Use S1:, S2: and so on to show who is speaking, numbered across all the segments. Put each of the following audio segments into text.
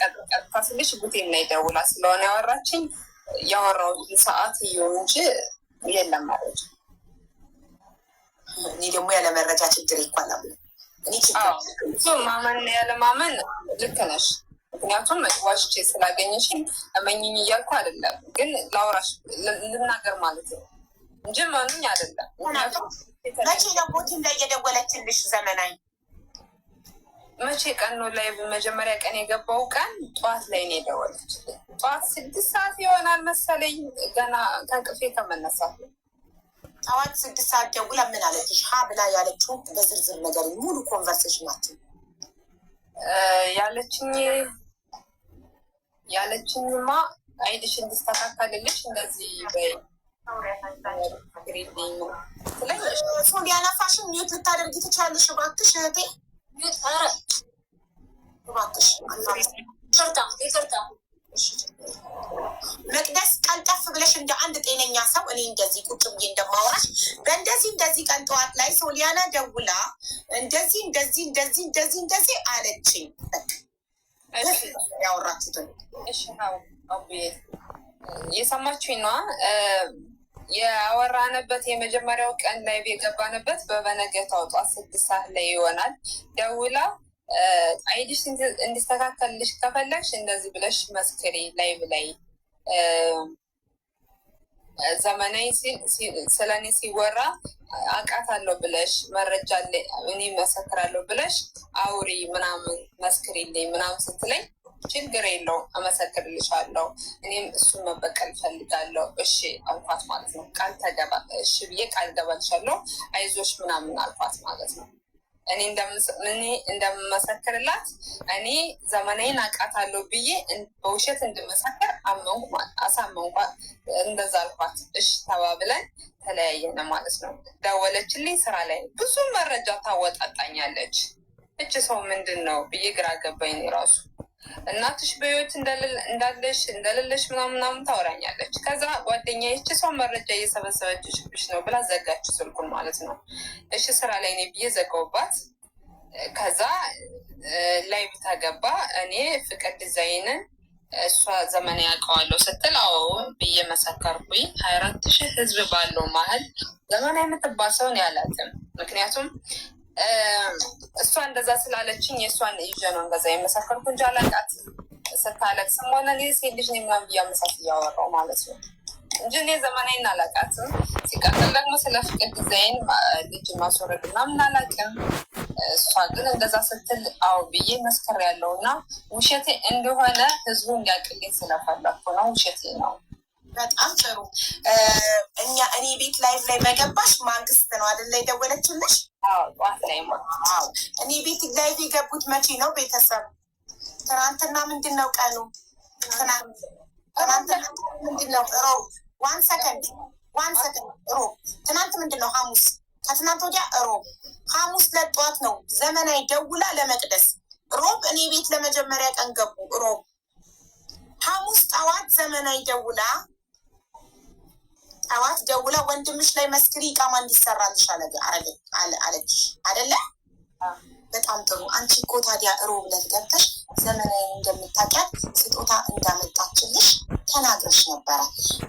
S1: ቀጥታ ስልሽ ጉቴም ላይ ደውላ ስለሆነ ያወራችኝ ያወራሁትን ሰዓት እየሆን እንጂ የለም ማለት
S2: እኔ ደግሞ ያለመረጃ መረጃ ችግር ይኳላል።
S1: ማመን ያለማመን ማመን ልክ ነሽ። ምክንያቱም ዋሽቼ ስላገኘሽኝ እመኝኝ እያልኩ አይደለም፣ ግን ላውራሽ ልናገር ማለት ነው እንጂ መኑኝ አይደለም።
S2: ምክንያቱም መቼ ነው ቦቲም ላይ የደወለችልሽ ዘመናዊ
S1: መቼ ቀን ነው ላይ መጀመሪያ ቀን የገባው ቀን ጠዋት ላይ ነው የደወለችልኝ። ጠዋት ስድስት ሰዓት ይሆናል መሰለኝ ገና ከእንቅፌ ከመነሳት
S2: ጠዋት ስድስት ሰዓት ደውላ ምን አለችሽ? ሀ ብላ ያለችው በዝርዝር ነገር ሙሉ ኮንቨርሴሽን ናቸው
S1: ያለችኝ ያለችኝማ አይንሽ እንድስተካከልልሽ እንደዚህ
S2: ስለዚህ ሰው ሊያናፋሽን ሚዩት ልታደርጊ ትችላለሽ እባክሽ እህቴ መቅደስ ቀልጠፍ ብለሽ እንደ አንድ ጤነኛ ሰው እኔ እንደዚህ ቁጭ ብዬ እንደማወራሽ በእንደዚህ እንደዚህ ቀን ጠዋት ላይ ሶሊያና ደውላ እንደዚህ እንደዚህ እንደዚህ እንደዚህ እንደዚህ አለችኝ። ያወራችሁትን
S1: የሰማችሁኝ ነዋ። የወራንበት የመጀመሪያው ቀን ላይ የገባንበት በበነገታው ጠዋት ስድስት ሰዓት ላይ ይሆናል። ደውላ አይዲሽ እንዲስተካከልልሽ ከፈለግሽ እንደዚህ ብለሽ መስክሪ ላይ ብላይ ዘመናዊ ስለኔ ሲወራ ሲወራ አውቃታለሁ ብለሽ መረጃ እኔ መሰክራለሁ ብለሽ አውሪ ምናምን መስክሪልኝ ምናምን ስትለኝ ችግር የለውም፣ አመሰግንልሻለሁ። እኔም እሱን መበቀል ፈልጋለሁ። እሺ አልኳት ማለት ነው። ቃል ተገባ። እሺ ብዬ ቃል ገባልሻለሁ፣ አይዞሽ ምናምን አልኳት ማለት ነው። እኔ እንደምመሰክርላት እኔ ዘመናዊን አውቃታለሁ ብዬ በውሸት እንድመሰክር አሳመንኳ። እንደዛ አልኳት። እሽ ተባብለን ተለያየነ ማለት ነው። ደወለችልኝ። ስራ ላይ ብዙ መረጃ ታወጣጣኛለች። እች ሰው ምንድን ነው ብዬ ግራ ገባኝ ራሱ እናትሽ በህይወት እንዳለሽ እንደሌለሽ ምናምን ምናምን ታወራኛለች። ከዛ ጓደኛ ይቺ ሰው መረጃ ሽብሽ ነው ብላ ዘጋች ስልኩን ማለት ነው። እሺ ስራ ላይ ነኝ ብዬ ዘጋውባት። ከዛ ላይ ብታገባ እኔ ፍቅር ዲዛይንን እሷ ዘመን ያውቀዋለሁ ስትል አዎ ብዬ መሰከርኩኝ። ሀያ አራት ሺህ ህዝብ ባለው መሀል ዘመን የምትባል ሰውን ያላትም ምክንያቱም እሷ እንደዛ ስላለችኝ የእሷን ይዤ ነው እንደዛ የመሰከርኩ እንጂ አላውቃትም። ስታለቅስም ሆነ ሴት ልጅ ምናምን እያመሳት እያወራው ማለት ነው እንጂ እኔ ዘመናዊን አላውቃትም። ሲቀጥል ደግሞ ስለ ፍቅር ዲዛይን ልጅ ማስወረድ ምናምን አላውቅም። እሷ ግን እንደዛ ስትል አዎ ብዬ መስከር ያለው እና ውሸቴ እንደሆነ ህዝቡ እንዲያቅልኝ ስለፈለኩ ነው። ውሸቴ ነው።
S2: በጣም ጥሩ። እኛ እኔ ቤት ላይፍ ላይ መገባሽ ማንግስት ነው አይደል? ላይ ደወለችልሽ? እኔ ቤት ላይፍ የገቡት መቼ ነው? ቤተሰብ ትናንትና ምንድን ነው ቀኑ? ትናንትና ምንድን ነው? ዋን ሰከንድ ዋን ሰከንድ ሮ ትናንት ምንድን ነው? ሐሙስ። ከትናንት ወዲያ ሮብ። ሐሙስ ለጠዋት ነው ዘመናዊ ደውላ ለመቅደስ። ሮብ እኔ ቤት ለመጀመሪያ ቀን ገቡ። ሮብ ሐሙስ ጠዋት ዘመናዊ ደውላ ጠዋት ደውላ ወንድምሽ ላይ መስክሪ ቃማ እንዲሰራ እንዲሰራልሽ አለች አደለ? በጣም ጥሩ። አንቺ እኮ ታዲያ ሮብ ዕለት ገብተሽ ዘመናዊ እንደምታውቂያት ስጦታ እንዳመጣችልሽ ተናግረሽ ነበረ።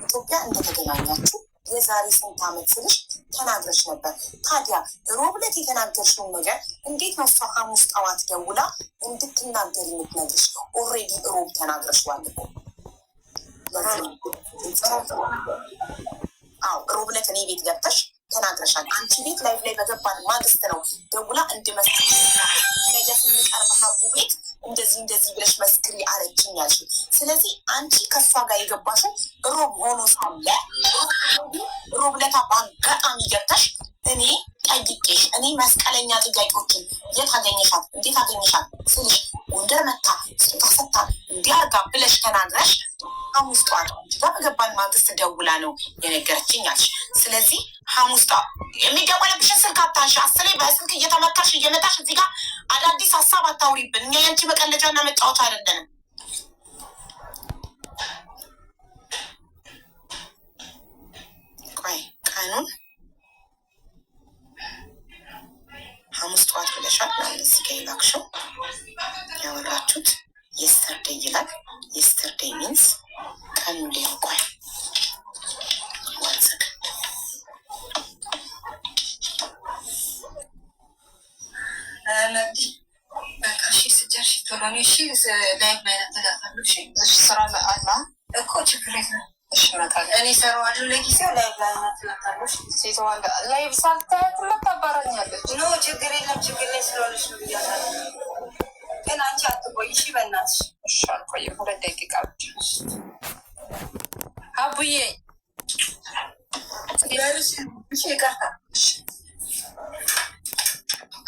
S2: ኢትዮጵያ እንደተገናኛችሁ የዛሬ ስንት ዓመት ስልሽ ተናግረሽ ነበር። ታዲያ ሮብ ዕለት የተናገርሽውን ነገር እንዴት ነው እሷ ሐሙስ ጠዋት ደውላ እንድትናገር የምትነግርሽ? ኦልሬዲ ሮብ ተናግረሽዋል እኮ አዎ ሮብ ዕለት እኔ ቤት ገብተሽ ተናግረሻል። አንቺ ቤት ላይፍ ላይ በገባን ማግስት ነው ደውላ እንድመስ ነገ ስንቀርብ ሀቡ ቤት እንደዚህ እንደዚህ ብለሽ መስክሪ አለችኝ ያልሽ። ስለዚህ አንቺ ከሷ ጋር የገባሽው ሮብ ሆኖ ሳለ ሮብ ዕለት በአጋጣሚ ገብተሽ እኔ ጠይቄሽ እኔ መስቀለኛ ጥያቄዎችን የት አገኘሻል፣ እንዴት አገኘሻል ስልሽ ጎንደር መታ ስልታ ሰታ እንዲያርጋ ብለሽ ተናግረሽ አሁን ውስጧ ነው በገባን ማግስት ደውላ ነው የነገረችኝ አለሽ። ስለዚህ ሐሙስታ የሚደወልብሽን ስልክ አታንሺ። አስሬ በስልክ እየተመከርሽ እየመጣሽ እዚህ ጋር አዳዲስ ሀሳብ አታውሪብን። እኛ የአንቺ መቀለጃና መጫወቻ አይደለንም። ቆይ ቀኑን ሐሙስ ጠዋት ብለሻል። እዚህ ጋ የላክሽው ያወራችሁት የስተርደይ ይላል። የስተርደይ ሚንስ ቀኑ እኔ ሰራዋለሁ ለጊዜው ችግር የለም ችግር ላይ ስለሆነች ነው ብያታለሁ። ግን አንቺ አትቆይ እሺ በእናትሽ እሺ አልቆይም፣ ሁለት ደቂቃ ብቻ።
S1: አቡዬ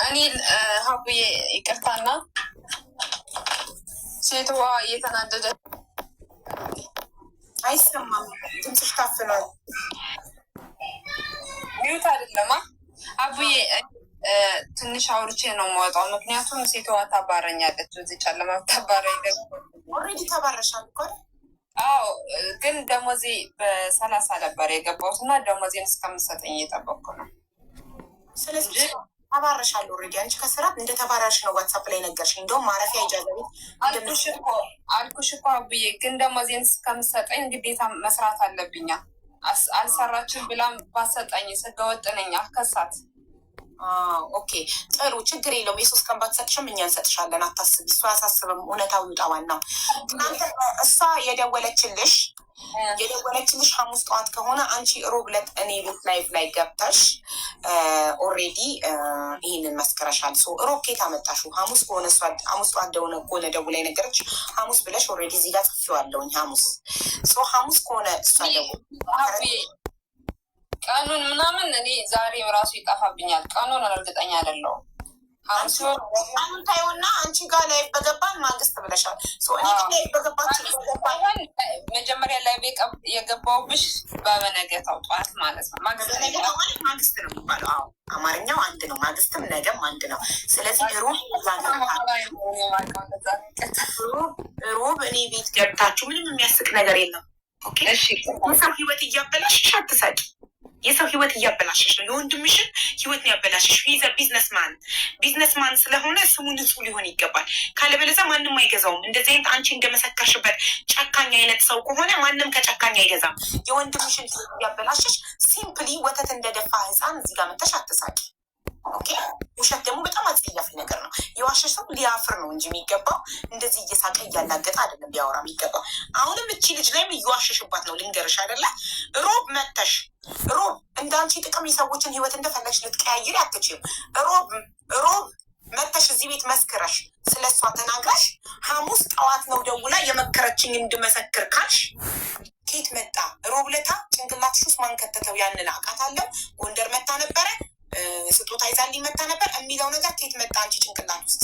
S1: እኔ አቡዬ ይቅርታና ሴትዋ እየተናደደ
S2: አይሰማም፣ ድምፅሽ ታፍኗል።
S1: ሚዩት አይደለማ አቡዬ ትንሽ አውርቼ ነው የማወጣው። ምክንያቱም ሴትዋ ታባረኛለች፣ እዚህ ጨለማ ታባረኝ።
S2: ኦልሬዲ ተባረሻል እኮ
S1: አዎ። ግን ደሞዜ በሰላሳ ነበር የገባሁት እና ደሞዜን እስከምሰጠኝ እየጠበኩ ነው።
S2: ስለዚህ ተባረሻል ኦልሬዲ። አንቺ ከስራ እንደ ተባራሽ ነው ዋትሳፕ ላይ ነገርሽ። እንደውም ማረፊያ ኢጃዛ
S1: ቤት አልኩሽ እኮ አብዬ። ግን ደሞዜን እስከምሰጠኝ ግዴታ መስራት አለብኛ። አልሰራችም ብላም ባሰጠኝ ስገወጥነኝ አልከሳት
S2: ኦኬ ጥሩ ችግር የለውም። የሶስት ቀን ባትሰጥሽም እኛ እንሰጥሻለን። አታስቢ፣ እሱ አያሳስብም። እውነታው ይውጣ። ዋናው ትናንት እሷ የደወለችልሽ የደወለችልሽ ሐሙስ ጠዋት ከሆነ አንቺ ሮብ ዕለት እኔ ቤት ላይፍ ላይ ገብተሽ ኦሬዲ ይህንን መስከረሻል። ሮብ ኬት አመጣሹ ሐሙስ ከሆነ ሐሙስ ጠዋት ደሆነ ከሆነ ላይ ነገረች ሐሙስ ብለሽ ኦሬዲ እዚህ ጋር ጽፌዋለሁኝ ሐሙስ ሐሙስ ከሆነ እሷ ደቡ
S1: ቀኑን ምናምን እኔ ዛሬም ራሱ ይጠፋብኛል። ቀኑን እርግጠኛ አይደለሁም።
S2: ቀኑን ታይውና አንቺ ጋር ላይ በገባን ማግስት ብለሻል። እኔ ላይ በገባችሁን
S1: መጀመሪያ ላይ የገባሁብሽ በበነገታው ጠዋት ማለት ነው።
S2: ማግስት ነው የሚባለው። አዎ አማርኛው አንድ ነው። ማግስትም ነገም አንድ ነው። ስለዚህ ሩብ ሩብ እኔ ቤት ገብታችሁ ምንም የሚያስቅ ነገር የለም። ኦኬ ሰው ህይወት እያበላሽ አትሳቂ የሰው ህይወት እያበላሸሽ ነው። የወንድምሽን ህይወት ነው ያበላሸሽ። ሂዘ ቢዝነስማን ቢዝነስማን ስለሆነ ስሙ ንጹህ ሊሆን ይገባል። ካለበለዛ ማንም አይገዛውም። እንደዚህ አይነት አንቺ እንደመሰከርሽበት ጨካኝ አይነት ሰው ከሆነ ማንም ከጨካኝ አይገዛም። የወንድምሽን ህይወት እያበላሸሽ ሲምፕሊ ወተት እንደደፋ ህፃን እዚህ ጋር መተሽ አትሳቂ። ኦኬ ውሸት ደግሞ በጣም አጸያፊ ነገር ነው። የዋሸ ሰው ሊያፍር ነው እንጂ የሚገባው እንደዚህ እየሳቀ እያላገጠ አይደለም ሊያወራ የሚገባው። አሁንም እቺ ልጅ ላይም እየዋሸሽባት ነው። ልንገርሽ አይደለ ሮብ መተሽ ሮብ እንዳንቺ ጥቅም የሰዎችን ህይወት እንደፈለግሽ ልትቀያይር አትችም። ሮብ ሮብ መተሽ እዚህ ቤት መስክረሽ ስለ እሷ ተናግራሽ ሐሙስ ጠዋት ነው ደውላ የመከረችኝ እንድመሰክር ካልሽ ኬት መጣ? ሮብ ለታ ጭንቅላትሽ ውስጥ ማንከተተው ያንን አውቃታለሁ። ጎንደር መታ ነበረ ስጦታ ይዛ ሊመጣ ነበር የሚለው ነገር ከየት መጣ አንቺ ጭንቅላት ውስጥ?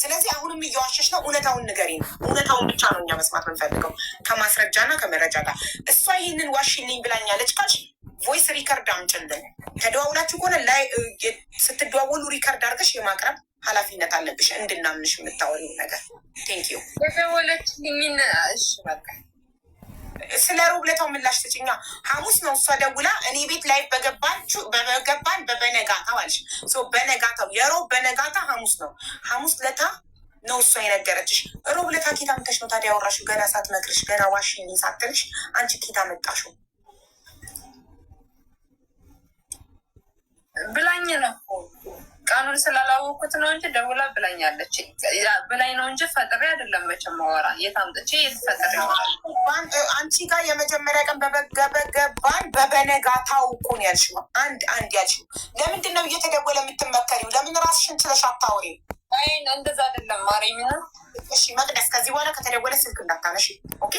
S2: ስለዚህ አሁንም እየዋሸሽ ነው። እውነታውን ንገሪ ነው። እውነታውን ብቻ ነው እኛ መስማት የምንፈልገው ከማስረጃና ከመረጃ ጋር። እሷ ይህንን ዋሽልኝ ብላኛለች ካልሽ ቮይስ ሪከርድ አምጭልን። ተደዋውላችሁ ከሆነ ላይ ስትደዋወሉ ሪከርድ አድርገሽ የማቅረብ ኃላፊነት አለብሽ እንድናምንሽ የምታወሪው ነገር። ቴንክ ዩ ስለ ሮብለታው ምላሽ ስጭኛ። ሐሙስ ነው እሷ ደውላ እኔ ቤት ላይ በገባችሁ በገባን በበነጋታው አለሽ። በነጋታው የሮብ በነጋታ ሐሙስ ነው። ሐሙስ ለታ ነው እሷ የነገረችሽ። ሮብ ለታ ኬታ ምተሽ ነው ታዲያ ያወራሽው? ገና ሳትመክርሽ ገና ዋሽኝ ሳትልሽ አንቺ ኬታ መጣሽው?
S1: ስላላወኩት ነው እንጂ ደውላ ብላኛለች። ብላኝ ነው እንጂ ፈጥሬ አይደለም። መቼም ማወራ የት አምጥቼ
S2: አንቺ ጋር የመጀመሪያ ቀን በበገበገባን በበነጋታው እኮ ነው ያልሽው። አንድ አንድ ያልሽው ለምንድን ነው እየተደወለ የምትመከሪው? ለምን ራስሽን ችለሽ አታወሪም?
S1: አይ እንደዛ አይደለም ማርያምን
S2: እሺ መቅደስ፣ ከዚህ በኋላ ከተደወለ ስልክ እንዳታነሽ። ኦኬ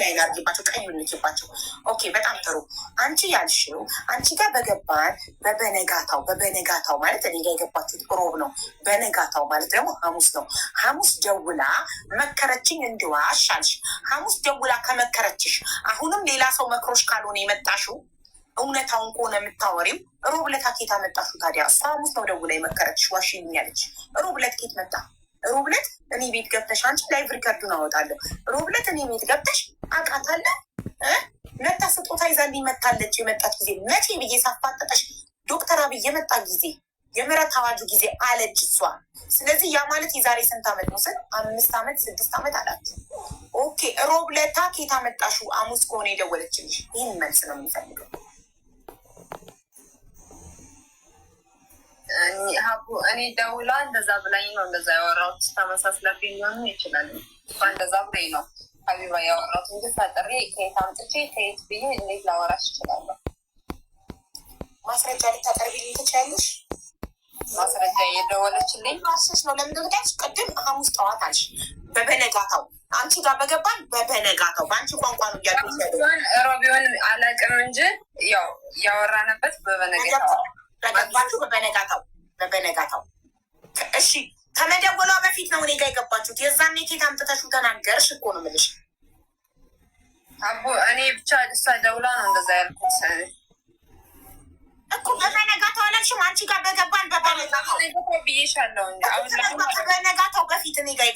S2: ላይ አድርጊባቸው፣ ቀዩ እንችባቸው። ኦኬ በጣም ጥሩ። አንቺ ያልሽው አንቺ ጋር በገባን በበነጋታው በበነጋታው ማለት እኔ ጋ የገባችሁት ሮብ ነው። በነጋታው ማለት ደግሞ ሐሙስ ነው። ሐሙስ ደውላ መከረችኝ እንድዋሽ አልሽ። ሐሙስ ደውላ ከመከረችሽ አሁንም ሌላ ሰው መክሮሽ ካልሆነ የመጣሽው እውነታውን ከሆነ የምታወሪው ሮብ ዕለት ኬት መጣሹ ታዲያ? እሷ ሐሙስ ነው ደውላ የመከረችሽ ዋሽኛለች። ሮብ ዕለት ኬት መጣ ሮብለት እኔ ቤት ገብተሽ አንቺ ላይቭ ሪከርዱን አወጣለሁ። ሮብለት እኔ ቤት ገብተሽ አውቃታለሁ መታ ስጦታ ይዛ እንዲመታለች የመጣች ጊዜ መቼ ብዬ ሳፋጠጠሽ ዶክተር አብይ የመጣ ጊዜ የምረት አዋጁ ጊዜ አለች እሷ። ስለዚህ ያ ማለት የዛሬ ስንት ዓመት ነው? ስን አምስት ዓመት ስድስት ዓመት አላት። ኦኬ ሮብለታ ኬታ መጣሹ አሙስ ከሆነ የደወለችልሽ ይህን መልስ ነው የሚፈልገው።
S1: እኔ ደውላ እንደዛ ብላኝ ነው እንደዛ ያወራሁት። ተመሳስለፊ ሊሆኑ ይችላል። እንደዛ ብላኝ ነው ሀቢባ ያወራሁት እንጂ ፈጥሬ ከየት አምጥቼ ከየት ብዬ እንዴት ላወራሽ ይችላለሁ?
S2: ማስረጃ ልታቀርቢልኝ ትችላለሽ? ማስረጃ እየደወለችልኝ ማስስ ነው። ለምን ምክንያት ቅድም ሐሙስ ጠዋት አልሽ፣ በበነጋታው አንቺ ጋር በገባን በበነጋታው በአንቺ ቋንቋ ነው እያሉን
S1: ሮቢዮን አላቅም እንጂ ያው ያወራነበት በበነጋታው
S2: በገባችሁ በበነጋታው በነጋታው እሺ ከመደወሏ በፊት ነው እኔ ጋ የገባችሁት። የዛን ኬት አምጥተሽው ተናገርሽ እኮ ነው የምልሽ።
S1: እኔ ብቻ ደውላ ነው እንደዛ ያልኩት።
S2: እኮ በመነጋታው አላልሽም? አንቺ ጋር በገባን በበነጋታው በፊት እኔ ጋር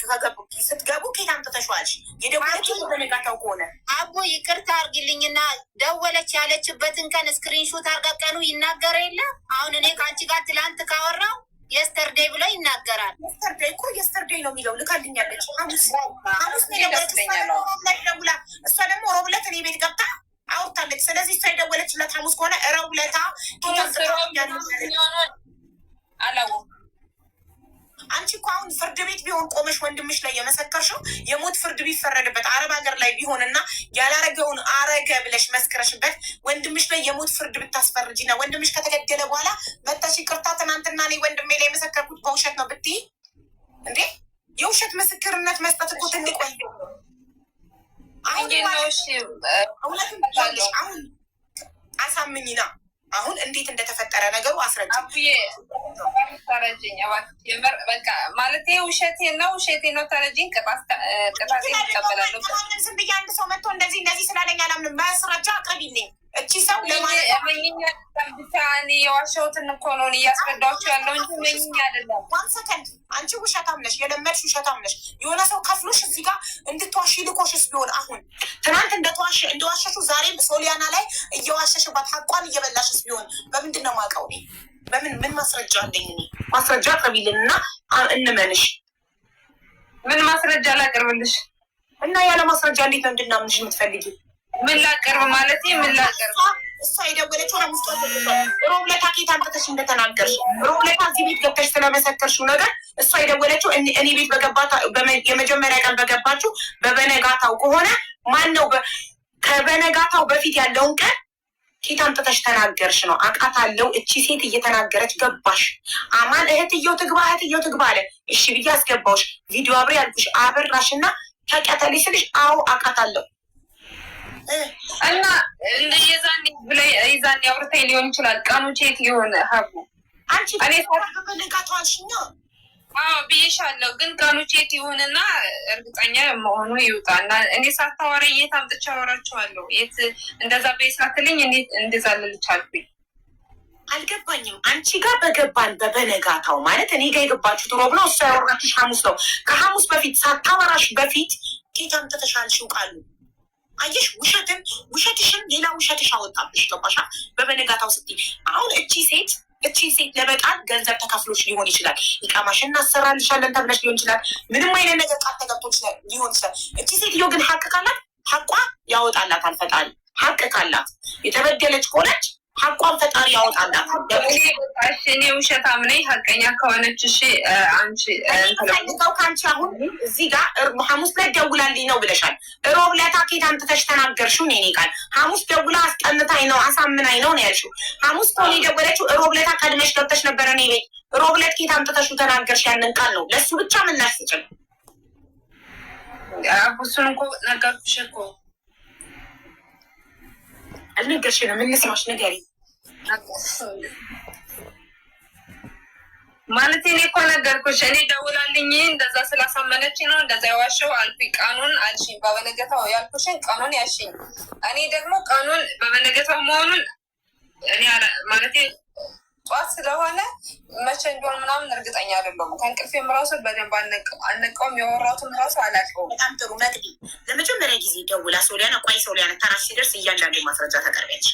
S2: ስትገቡ ኬት አምጥተሽዋልሽ? የደወለችው በነጋታው ከሆነ አቦ ይቅርታ አድርጊልኝና ደወለች ያለችበትን ቀን ስክሪንሾት አርጋ ቀኑ ይናገረ የለ አሁን እኔ ከአንቺ ጋር ትላንት ካወራው የስተርዴይ ብሎ ይናገራል። የስተርዴይ እኮ የስተርዴይ ነው የሚለው ልካልኛለች። ሐሙስ ሐሙስ ደውላ እሷ ደግሞ ሮብለት እኔ ቤት ገብታ አውርታለች። ስለዚህ እሷ የደወለችለት ሐሙስ ከሆነ ረውለታ አላወ አንቺ እኮ አሁን ፍርድ ቤት ቢሆን ቆመሽ ወንድምሽ ላይ የመሰከርሽው የሞት ፍርድ ቢፈረድበት አረብ ሀገር ላይ ቢሆንና ያላረገውን አረገ ብለሽ መስክረሽበት ወንድምሽ ላይ የሞት ፍርድ ብታስፈርጂና ወንድምሽ ከተገደለ በኋላ መታሽ ቅርታ ትናንትና እኔ ወንድሜ ላይ የመሰከርኩት በውሸት ነው ብትይ እንዴ የውሸት ምስክርነት መስጠት እኮ ትልቅ
S1: አሁን
S2: አሳምኝና አሁን እንዴት እንደተፈጠረ ነገሩ አስረጅ
S1: ማለት ውሸቴ ነው ውሸቴ ነው ተረጅኝ ቅጣት
S2: ይቀበላሉ። ዝም ብዬ አንድ ሰው መጥቶ እንደዚህ እንደዚህ ስላለኝ አላምንም። ማስረጃ አቅርቢልኝ እቺ ሰው
S1: ለማለት እኔ የዋሸሁትን እኮ ነው እያስረዳችሁ ያለው እንጂ መኝ አይደለም።
S2: ዋን ሰከንድ አንቺ ውሸታም ነሽ፣ የለመድሽ ውሸታም ነሽ። የሆነ ሰው ከፍሎሽ እዚህ ጋር እንድትዋሽ ልኮሽስ ቢሆን አሁን ትናንት እንደተዋሽ እንደዋሸሹ ዛሬም ሶሊያና ላይ እየዋሸሽባት ሀቋን እየበላሽስ ቢሆን በምንድን ነው ማውቀው? በምን ምን ማስረጃ አለኝ? ማስረጃ አቅርቢልን እንመንሽ።
S1: ምን ማስረጃ ላቅርብልሽ?
S2: እና ያለ ማስረጃ እንዴት ነው እንድናምንሽ የምትፈልጊ?
S1: ምን ላቅርብ ማለት ምን ላቅርብ
S2: እሷ የደወለችው ሐሙስ ጠዋት ሮብ ኬት እንደተናገርሽ ሮብ እዚህ ቤት ገብተሽ ስለመሰከርሽው ነገር እሷ የደወለችው እኔ ቤት የመጀመሪያ ቀን በገባችው በበነጋታው ከሆነ ማን ነው ከበነጋታው በፊት ያለውን ቀን ኬት አምጥተሽ ተናገርሽ ነው። እቺ ሴት እየተናገረች ገባሽ። አማን እህትየው ትግባ እህትየው ትግባ አለ። እሺ ብዬ ቪዲዮ አብሬ ያልኩሽ ስልሽ አዎ
S1: እና እንደ ብለ አውርተኝ ሊሆን ይችላል። ቀኑ ቼት የሆነ ሀቡ አንቺ ብዬሻለሁ። ግን ቀኑ ቼት ይሁንና እርግጠኛ መሆኑ ይውጣ እና እኔ ሳታወራ የት አምጥቼ አወራችኋለሁ? የት እንደዛ በሳትልኝ እንዴት እንደዛ ልልቻልኩኝ
S2: አልገባኝም። አንቺ ጋር በገባን በበነጋታው ማለት እኔ ጋር እሱ ያወራችሽ ሐሙስ ነው። ከሐሙስ በፊት ሳታወራሽ በፊት ኬት አምጥተሻል ይውቃሉ አየሽ ውሸትን ውሸትሽን ሌላ ውሸትሽ አወጣብሽ። ገባሻ? በበነጋታው ስትይ አሁን እቺ ሴት እቺ ሴት ለመጣል ገንዘብ ተከፍሎች ሊሆን ይችላል። ይቃማሽ እናሰራልሻለን ተብለሽ ሊሆን ይችላል። ምንም አይነት ነገር ቃል ተገብቶች ሊሆን ይችላል። እቺ ሴትዮ ግን ሀቅ ካላት ሀቋ ያወጣላታል ፈጣሪ። ሀቅ ካላት የተበደለች ከሆነች ሀቋን ፈጣሪ ያወጣላት።
S1: እኔ ውሸታም ነኝ። ሀቀኛ ከሆነች እሺ። አንቺ
S2: ፈልገው ከአንቺ አሁን እዚህ ጋር ሐሙስ ዕለት ደውላልኝ ነው ብለሻል። ሮብ ዕለት ኬት አምጥተሽ ተናገርሽው ነው የእኔ ቃል። ሐሙስ ደውላ አስጠንታኝ ነው አሳምናኝ ነው ነው ያልሽው። ሐሙስ ከሆነ የደወለችው ሮብ ዕለት ቀድመሽ ገብተሽ ነበረ እኔ ቤት። ሮብ ዕለት ኬት አምጥተሽው ተናገርሽ ያንን ቃል ነው ለሱ ብቻ ምናሽ ስጭል
S1: እሱን እኮ ነገርኩሽ እኮ
S2: አልነገርሽንም። እንስማሽ፣ ንገሪ
S1: ማለት እኔ እኮ ነገርኩሽ። እኔ ደውላልኝ እንደዛ ስላሳመነች ነው እንደዛ የዋሸው አልኩኝ። ቀኑን አልሽኝ፣ በበነገታው ያልኩሽን ቀኑን ያልሽኝ። እኔ ደግሞ ቀኑን በበነገታው መሆኑን እኔ ማለት ጠዋት ስለሆነ መቼ እንዲሆን ምናምን እርግጠኛ አይደለሁም። ከእንቅልፌም ራሱ በደንብ አነቀውም። የወራቱም ራሱ አላውቀውም።
S2: በጣም ጥሩ መቅዲ፣ ለመጀመሪያ ጊዜ ደውላ ሶሊያና፣ ቆይ ሶሊያና ተራሽ ሲደርስ እያንዳንዱ ማስረጃ ታቀርቢያለሽ።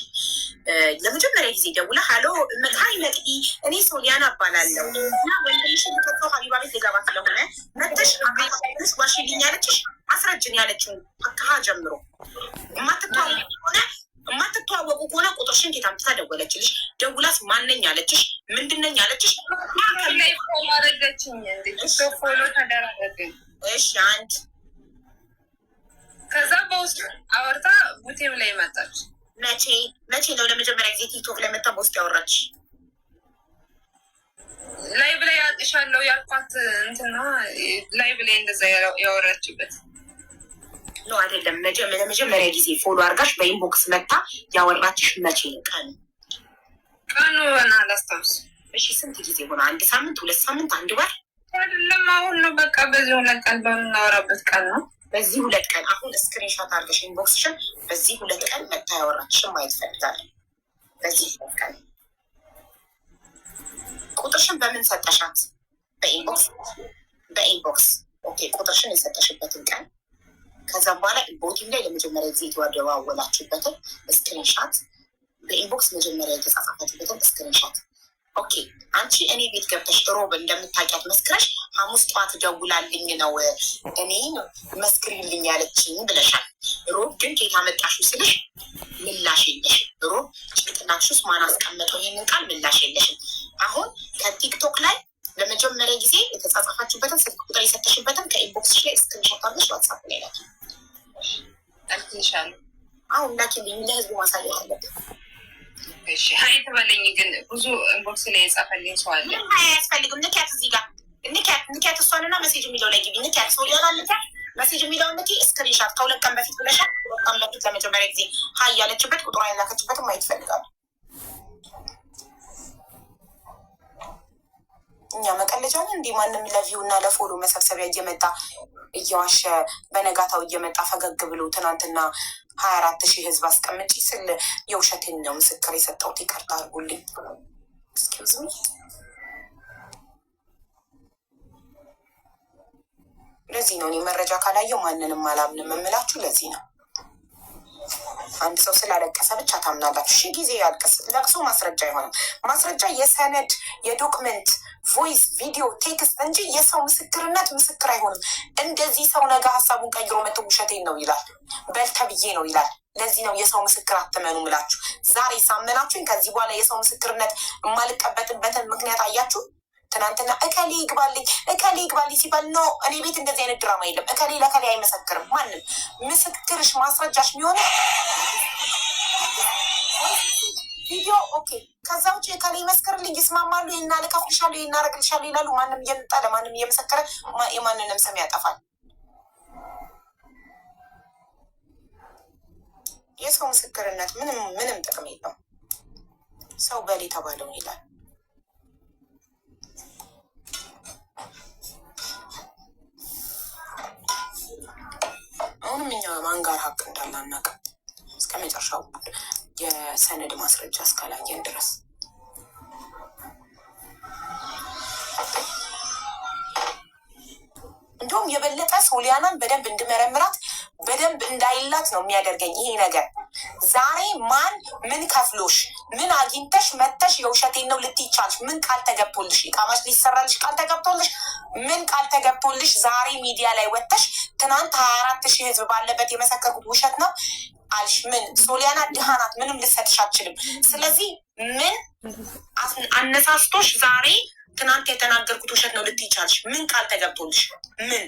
S2: ለመጀመሪያ ጊዜ ደውላ ሀሎ መቃይ መቅዲ፣ እኔ ሶሊያና እባላለሁ እና ወንድምሽ የሚፈጠው ሀቢባ ቤት ሊገባ ስለሆነ መተሽ አቤሽ ዋሽልኝ ያለችሽ አስረጅን ያለችው ከሀ ጀምሮ የማትተዋ ሆነ የማትተዋወቁ ከሆነ ቁጥርሽን ኬት አምጥታ ደወለችልሽ? ደውላስ ማነኝ አለችሽ? ምንድነኝ አለችሽ? እሺ አንድ
S1: ከዛ በውስጥ አወርታ ቡቴም ላይ መጣች።
S2: መቼ መቼ ነው ለመጀመሪያ ጊዜ ቲክቶክ ላይ መጣ? በውስጥ ያወራች?
S1: ላይቭ ላይ አጥሻለሁ ያልኳት እንትና ላይቭ ላይ እንደዛ ያወራችበት
S2: ነው አይደለም። ለመጀመሪያ ጊዜ ፎሎ አድርጋሽ በኢንቦክስ መታ ያወራችሽ መቼ ነው? ቀኑ
S1: ቀኑ
S2: እሺ ስንት ጊዜ ሆነ? አንድ ሳምንት፣ ሁለት ሳምንት፣ አንድ ወር
S1: አይደለም። አሁን ነው በቃ በዚህ ሁለት ቀን በምናወራበት ቀን ነው።
S2: በዚህ ሁለት ቀን አሁን ሻት አድርገሽ ኢንቦክስሽን በዚህ ሁለት ቀን መታ ያወራችሽን ማየት ፈልጋለን። በዚህ ሁለት ቀን ቁጥርሽን በምን ሰጠሻት? በኢንቦክስ በኢንቦክስ ኦኬ። ቁጥርሽን የሰጠሽበትን ቀን ከዛም በኋላ ቦቲም ላይ ለመጀመሪያ ጊዜ የተደዋወላችሁበትን ስክሪንሻት በኢንቦክስ መጀመሪያ የተጻጻፋችሁበትን ስክሪንሻት ኦኬ አንቺ እኔ ቤት ገብተሽ ሮብ እንደምታውቂያት መስክረሽ ሐሙስ ጠዋት ደውላልኝ ነው እኔ መስክሪልኝ ያለችኝ ብለሻል። ሮብ ግን ጌታ መጣሹ ስልሽ ምላሽ የለሽም። ሮብ ጭንቅላትሽ ውስጥ ማን አስቀመጠው ይህንን ቃል ምላሽ የለሽም። አሁን ከቲክቶክ ላይ ለመጀመሪያ ጊዜ የተጻጻፋችሁበትን ስልክ ቁጥር የሰተሽበትን ከኢንቦክስ ላይ እስክንሸታለሽ ዋትሳፕ ላይ ናቸው
S1: ጠርትንሻለሁ።
S2: አሁን ላኪልኝ፣ ለህዝቡ ማሳየት አለብን።
S1: ሀይ ትበለኝ ግን ብዙ ኢንቦክስ ላይ የጻፈልኝ ሰው አለ።
S2: አያስፈልግም። ንኪያት፣ እዚህ ጋር ንኪያት፣ ንኪያት እሷንና ሜሴጅ የሚለው ላይ ግቢ። ንኪያት፣ ሰው ሊሆን አለ። ሜሴጅ የሚለው ንኪ፣ ስክሪንሻት ከሁለት ቀን በፊት ብለሻል። ሁለት ቀን በፊት ለመጀመሪያ ጊዜ ሀይ ያለችበት ቁጥሯ ያላከችበትም ማየት ይፈልጋሉ። እኛ መቀለጃን እንዲህ ማንም ለቪው እና ለፎሎ መሰብሰቢያ እየመጣ እየዋሸ በነጋታው እየመጣ ፈገግ ብሎ ትናንትና ሀያ አራት ሺህ ህዝብ አስቀምጪ ስል የውሸቴን ነው ምስክር የሰጠሁት። ይቅርታ አድርጉልኝ። ለዚህ ነው እኔ መረጃ ካላየው ማንንም አላምንም የምላችሁ። ለዚህ ነው አንድ ሰው ስላለቀሰ ብቻ ታምናላችሁ? ሺ ጊዜ ያልቅስ፣ ለቅሶ ማስረጃ አይሆንም። ማስረጃ የሰነድ የዶክመንት ቮይስ፣ ቪዲዮ፣ ቴክስት እንጂ የሰው ምስክርነት ምስክር አይሆንም። እንደዚህ ሰው ነገ ሀሳቡን ቀይሮ መጥ ውሸቴን ነው ይላል፣ በልተብዬ ነው ይላል። ለዚህ ነው የሰው ምስክር አትመኑ ምላችሁ። ዛሬ ሳመናችሁኝ፣ ከዚህ በኋላ የሰው ምስክርነት የማልቀበጥበትን ምክንያት አያችሁ። ትናንትና እከሌ ይግባልኝ እከሌ ይግባልኝ ሲባል ኖ እኔ ቤት እንደዚህ አይነት ድራማ የለም። እከሌ ለከሌ አይመሰክርም። ማንም ምስክርሽ ማስረጃሽ የሚሆነ ቪዲዮ ኦኬ። ከዛ ውጭ እከሌ ይመስክርልኝ፣ ይስማማሉ፣ እናልከፍልሻለሁ፣ እናረግልሻለሁ ይላሉ። ማንም እየመጣለ ማንም እየመሰከረ የማንንም ስም ያጠፋል። የሰው ምስክርነት ምንም ምንም ጥቅም የለው። ሰው በሌ ተባለውን ይላል። አሁንም እኛ ማን ጋር ሀቅ እንዳለ አናውቅም። እስከ መጨረሻው የሰነድ ማስረጃ እስካላየን ድረስ እንዲሁም የበለጠ ሶሊያናን በደንብ እንድመረምራት በደንብ እንዳይላት ነው የሚያደርገኝ ይሄ ነገር። ዛሬ ማን ምን ከፍሎሽ ምን አግኝተሽ መተሽ የውሸቴን ነው ልትይቻልሽ? ምን ቃል ተገብቶልሽ? ቃማሽ ሊሰራልሽ ቃል ተገብቶልሽ? ምን ቃል ተገብቶልሽ? ዛሬ ሚዲያ ላይ ወጥተሽ ትናንት ሀያ አራት ሺህ ህዝብ ባለበት የመሰከርኩት ውሸት ነው አልሽ። ምን ሶሊያና ድሃናት ምንም ልሰጥሽ አልችልም። ስለዚህ ምን አነሳስቶሽ ዛሬ ትናንት የተናገርኩት ውሸት ነው ልትይቻልሽ? ምን ቃል ተገብቶልሽ? ምን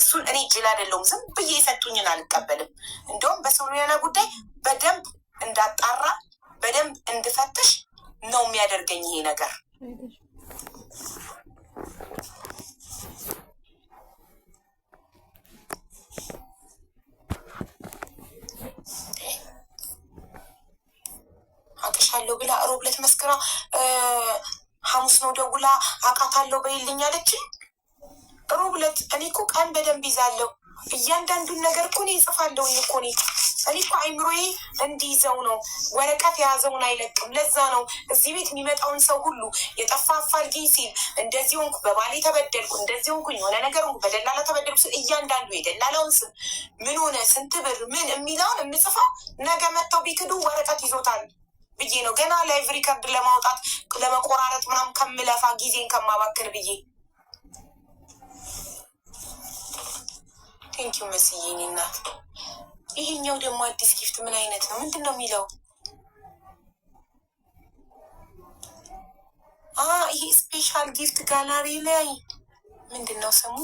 S2: እሱን እኔ እጅ ላይ አይደለሁም። ዝም ብዬ የሰጡኝን አልቀበልም። እንዲሁም በሶሊያና ጉዳይ በደንብ እንዳጣራ በደንብ እንድፈትሽ ነው የሚያደርገኝ ይሄ ነገር። አቅሻለሁ ብላ ሮብ ዕለት መስክራ ሐሙስ ነው ደውላ አውቃታለሁ በይልኝ አለች። ሮብ ዕለት እኔ እኮ ቀን በደንብ ይዛለሁ። እያንዳንዱን ነገር እኮ እኔ እጽፋለሁ እኮ እኔ እኔ እኮ አይምሮዬ እንዲይዘው ነው። ወረቀት የያዘውን አይለቅም። ለዛ ነው እዚህ ቤት የሚመጣውን ሰው ሁሉ የጠፋ አፋልጊኝ ሲል እንደዚህ ሆንኩ፣ በባሌ ተበደልኩ፣ እንደዚህ ሆንኩኝ፣ የሆነ ነገር ሆንኩ፣ በደላላ ተበደልኩ ሲል እያንዳንዱ የደላላውን ስም ምን ሆነ፣ ስንት ብር ምን የሚለውን የምጽፈው ነገ መጥተው ቢክዱ ወረቀት ይዞታል ብዬ ነው። ገና ላይቭ ሪከርድ ለማውጣት ለመቆራረጥ ምናምን ከምለፋ ጊዜን ከማባክር ብዬ ቴንኪዩ መስዬ እናት ይሄኛው ደግሞ አዲስ ጊፍት ምን አይነት ነው? ምንድን ነው የሚለው? ይሄ ስፔሻል ጊፍት ጋላሪ ላይ ምንድን ነው ስሙ?